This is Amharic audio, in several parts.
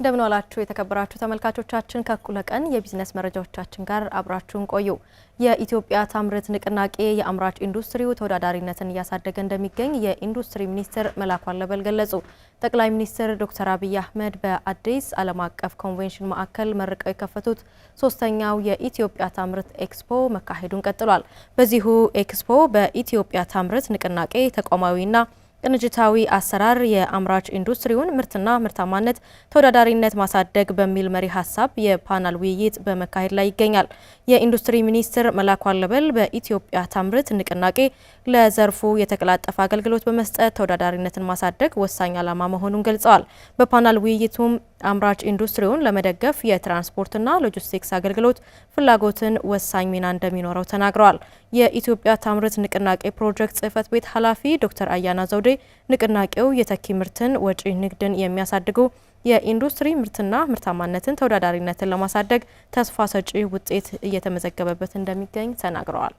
እንደምን ዋላችሁ የተከበራችሁ ተመልካቾቻችን። ከእኩለ ቀን የቢዝነስ መረጃዎቻችን ጋር አብራችሁን ቆዩ። የኢትዮጵያ ታምርት ንቅናቄ የአምራች ኢንዱስትሪው ተወዳዳሪነትን እያሳደገ እንደሚገኝ የኢንዱስትሪ ሚኒስትር መላኩ አለበል ገለጹ። ጠቅላይ ሚኒስትር ዶክተር አብይ አህመድ በአዲስ ዓለም አቀፍ ኮንቬንሽን ማዕከል መርቀው የከፈቱት ሶስተኛው የኢትዮጵያ ታምርት ኤክስፖ መካሄዱን ቀጥሏል። በዚሁ ኤክስፖ በኢትዮጵያ ታምርት ንቅናቄ ተቋማዊና ቅንጅታዊ አሰራር የአምራች ኢንዱስትሪውን ምርትና ምርታማነት ተወዳዳሪነት ማሳደግ በሚል መሪ ሀሳብ የፓናል ውይይት በመካሄድ ላይ ይገኛል። የኢንዱስትሪ ሚኒስትር መላኩ አለበል በኢትዮጵያ ታምርት ንቅናቄ ለዘርፉ የተቀላጠፈ አገልግሎት በመስጠት ተወዳዳሪነትን ማሳደግ ወሳኝ ዓላማ መሆኑን ገልጸዋል። በፓናል ውይይቱም አምራች ኢንዱስትሪውን ለመደገፍ የትራንስፖርትና ሎጂስቲክስ አገልግሎት ፍላጎትን ወሳኝ ሚና እንደሚኖረው ተናግረዋል። የኢትዮጵያ ታምርት ንቅናቄ ፕሮጀክት ጽህፈት ቤት ኃላፊ ዶክተር አያና ዘውዴ ንቅናቄው የተኪ ምርትን፣ ወጪ ንግድን የሚያሳድጉ የኢንዱስትሪ ምርትና ምርታማነትን ተወዳዳሪነትን ለማሳደግ ተስፋ ሰጪ ውጤት እየተመዘገበበት እንደሚገኝ ተናግረዋል።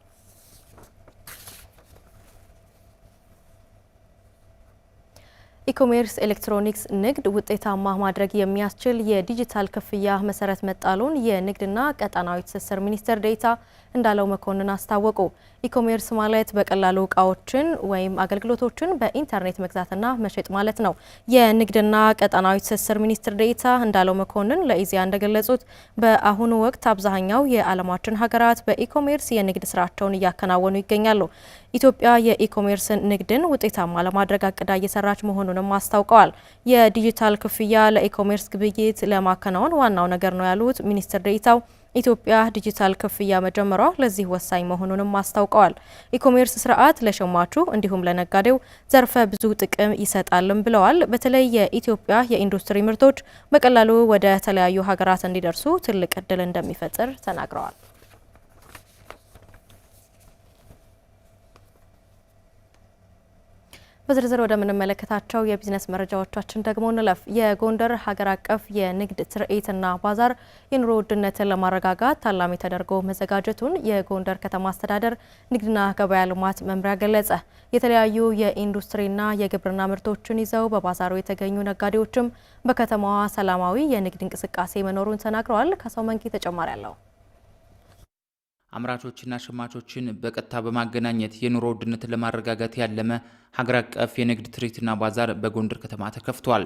ኢኮሜርስ ኤሌክትሮኒክስ ንግድ ውጤታማ ማድረግ የሚያስችል የዲጂታል ክፍያ መሰረት መጣሉን የንግድና ቀጣናዊ ትስስር ሚኒስትር ዴኤታ እንዳለው መኮንን አስታወቁ። ኢኮሜርስ ማለት በቀላሉ እቃዎችን ወይም አገልግሎቶችን በኢንተርኔት መግዛትና መሸጥ ማለት ነው። የንግድና ቀጠናዊ ትስስር ሚኒስትር ዴኤታ እንዳለው መኮንን ለኢዜአ እንደገለጹት በአሁኑ ወቅት አብዛኛው የዓለማችን ሀገራት በኢኮሜርስ የንግድ ስራቸውን እያከናወኑ ይገኛሉ። ኢትዮጵያ የኢኮሜርስ ንግድን ውጤታማ ለማድረግ አቅዳ እየሰራች መሆኑንም አስታውቀዋል። የዲጂታል ክፍያ ለኢኮሜርስ ግብይት ለማከናወን ዋናው ነገር ነው ያሉት ሚኒስትር ዴኤታው ኢትዮጵያ ዲጂታል ክፍያ መጀመሯ ለዚህ ወሳኝ መሆኑንም አስታውቀዋል። ኢኮሜርስ ስርዓት ለሸማቹ እንዲሁም ለነጋዴው ዘርፈ ብዙ ጥቅም ይሰጣልም ብለዋል። በተለይ የኢትዮጵያ የኢንዱስትሪ ምርቶች በቀላሉ ወደ ተለያዩ ሀገራት እንዲደርሱ ትልቅ እድል እንደሚፈጥር ተናግረዋል። በዝርዝር ወደምንመለከታቸው የቢዝነስ መረጃዎቻችን ደግሞ እንለፍ። የጎንደር ሀገር አቀፍ የንግድ ትርኢትና ባዛር የኑሮ ውድነትን ለማረጋጋት ታላሚ ተደርጎ መዘጋጀቱን የጎንደር ከተማ አስተዳደር ንግድና ገበያ ልማት መምሪያ ገለጸ። የተለያዩ የኢንዱስትሪና የግብርና ምርቶችን ይዘው በባዛሩ የተገኙ ነጋዴዎችም በከተማዋ ሰላማዊ የንግድ እንቅስቃሴ መኖሩን ተናግረዋል። ከሰው መንኪ ተጨማሪ አለው። አምራቾችና ሸማቾችን በቀጥታ በማገናኘት የኑሮ ውድነትን ለማረጋጋት ያለመ ሀገር አቀፍ የንግድ ትርኢትና ባዛር በጎንደር ከተማ ተከፍቷል።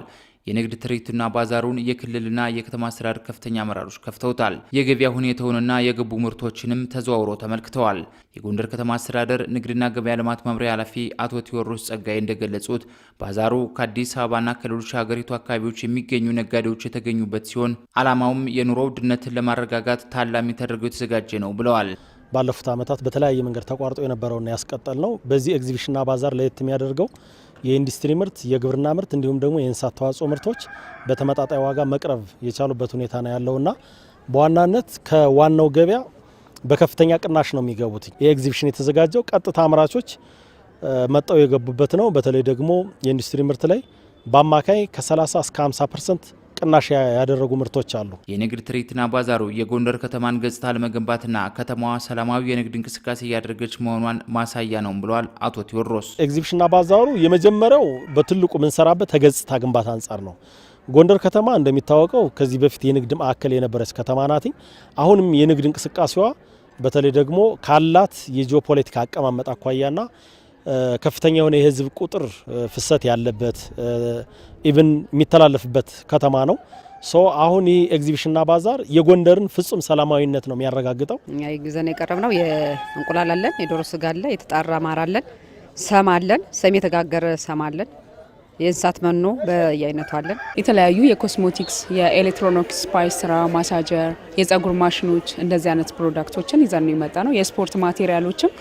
የንግድ ትርኢቱና ባዛሩን የክልልና የከተማ አስተዳደር ከፍተኛ አመራሮች ከፍተውታል። የገበያ ሁኔታውንና የገቡ ምርቶችንም ተዘዋውሮ ተመልክተዋል። የጎንደር ከተማ አስተዳደር ንግድና ገበያ ልማት መምሪያ ኃላፊ አቶ ቴዎድሮስ ጸጋይ እንደገለጹት ባዛሩ ከአዲስ አበባና ከሌሎች ሀገሪቱ አካባቢዎች የሚገኙ ነጋዴዎች የተገኙበት ሲሆን ዓላማውም የኑሮ ውድነትን ለማረጋጋት ታላሚ ተደርገው የተዘጋጀ ነው ብለዋል። ባለፉት ዓመታት በተለያየ መንገድ ተቋርጦ የነበረውና ያስቀጠል ነው። በዚህ ኤግዚቢሽንና ባዛር ለየት የሚያደርገው የኢንዱስትሪ ምርት፣ የግብርና ምርት እንዲሁም ደግሞ የእንስሳት ተዋጽኦ ምርቶች በተመጣጣኝ ዋጋ መቅረብ የቻሉበት ሁኔታ ነው ያለውና በዋናነት ከዋናው ገበያ በከፍተኛ ቅናሽ ነው የሚገቡት። የኤግዚቢሽን የተዘጋጀው ቀጥታ አምራቾች መጠው የገቡበት ነው። በተለይ ደግሞ የኢንዱስትሪ ምርት ላይ በአማካይ ከ30 እስከ 50 ፐርሰንት ቅናሽ ያደረጉ ምርቶች አሉ። የንግድ ትርኢትና ባዛሩ የጎንደር ከተማን ገጽታ ለመገንባትና ከተማዋ ሰላማዊ የንግድ እንቅስቃሴ እያደረገች መሆኗን ማሳያ ነው ብለዋል አቶ ቴዎድሮስ። ኤግዚቢሽንና ባዛሩ የመጀመሪያው በትልቁ የምንሰራበት ከገጽታ ግንባታ አንጻር ነው። ጎንደር ከተማ እንደሚታወቀው ከዚህ በፊት የንግድ ማዕከል የነበረች ከተማ ናት። አሁንም የንግድ እንቅስቃሴዋ በተለይ ደግሞ ካላት የጂኦፖለቲካ አቀማመጥ አኳያና ከፍተኛ የሆነ የህዝብ ቁጥር ፍሰት ያለበት ኢቭን የሚተላለፍበት ከተማ ነው። ሶ አሁን ይህ ኤግዚቢሽንና ባዛር የጎንደርን ፍጹም ሰላማዊነት ነው የሚያረጋግጠው። እኛ ይዘን የቀረብ ነው የእንቁላል አለን፣ የዶሮ ስጋ አለ፣ የተጣራ ማር አለን፣ ሰም አለን፣ ሰም የተጋገረ ሰም አለን። የእንስሳት መኖ በየአይነቱ አለን። የተለያዩ የኮስሞቲክስ፣ የኤሌክትሮኒክስ፣ ስፓይስ ስራ፣ ማሳጀር፣ የጸጉር ማሽኖች እንደዚህ አይነት ፕሮዳክቶችን ይዘን ነው የመጣ ነው። የስፖርት ማቴሪያሎችም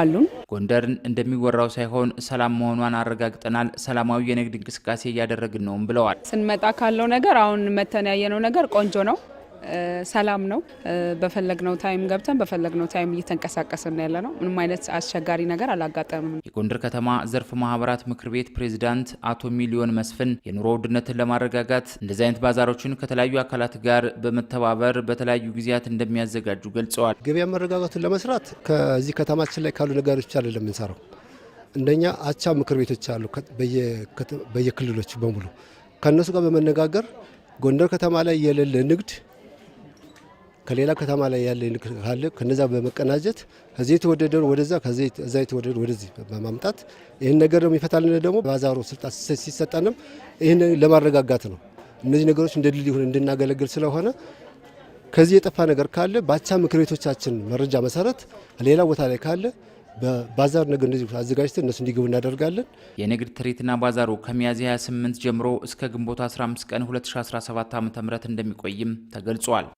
አሉን። ጎንደርን እንደሚወራው ሳይሆን ሰላም መሆኗን አረጋግጠናል። ሰላማዊ የንግድ እንቅስቃሴ እያደረግን ነውም ብለዋል። ስንመጣ ካለው ነገር አሁን መተን ያየነው ነገር ቆንጆ ነው። ሰላም ነው። በፈለግነው ታይም ገብተን በፈለግነው ታይም እየተንቀሳቀስን ያለ ነው። ምንም አይነት አስቸጋሪ ነገር አላጋጠምም። የጎንደር ከተማ ዘርፍ ማህበራት ምክር ቤት ፕሬዚዳንት አቶ ሚሊዮን መስፍን የኑሮ ውድነትን ለማረጋጋት እንደዚህ አይነት ባዛሮችን ከተለያዩ አካላት ጋር በመተባበር በተለያዩ ጊዜያት እንደሚያዘጋጁ ገልጸዋል። ገበያ መረጋጋቱን ለመስራት ከዚህ ከተማችን ላይ ካሉ ነጋዴዎች አለ ለምንሰራው እንደኛ አቻ ምክር ቤቶች አሉ በየክልሎች በሙሉ ከእነሱ ጋር በመነጋገር ጎንደር ከተማ ላይ የሌለ ንግድ ከሌላ ከተማ ላይ ያለ ካለ ከነዛ በመቀናጀት ከዚህ የተወደደውን ወደዛ ከዛ የተወደደ ወደዚህ በማምጣት ይህን ነገር ደግሞ ይፈታልን ደግሞ ባዛሩ ስልጣን ሲሰጠንም ይህን ለማረጋጋት ነው። እነዚህ ነገሮች እንደ ድል ይሁን እንድናገለግል ስለሆነ ከዚህ የጠፋ ነገር ካለ ባቻ ምክር ቤቶቻችን መረጃ መሰረት ሌላ ቦታ ላይ ካለ በባዛር ነገ እንደዚህ አዘጋጅተን እነሱ እንዲገቡ እናደርጋለን። የንግድ ትርኢትና ባዛሩ ከሚያዝያ 28 ጀምሮ እስከ ግንቦት 15 ቀን 2017 ዓ ም እንደሚቆይም ተገልጿል።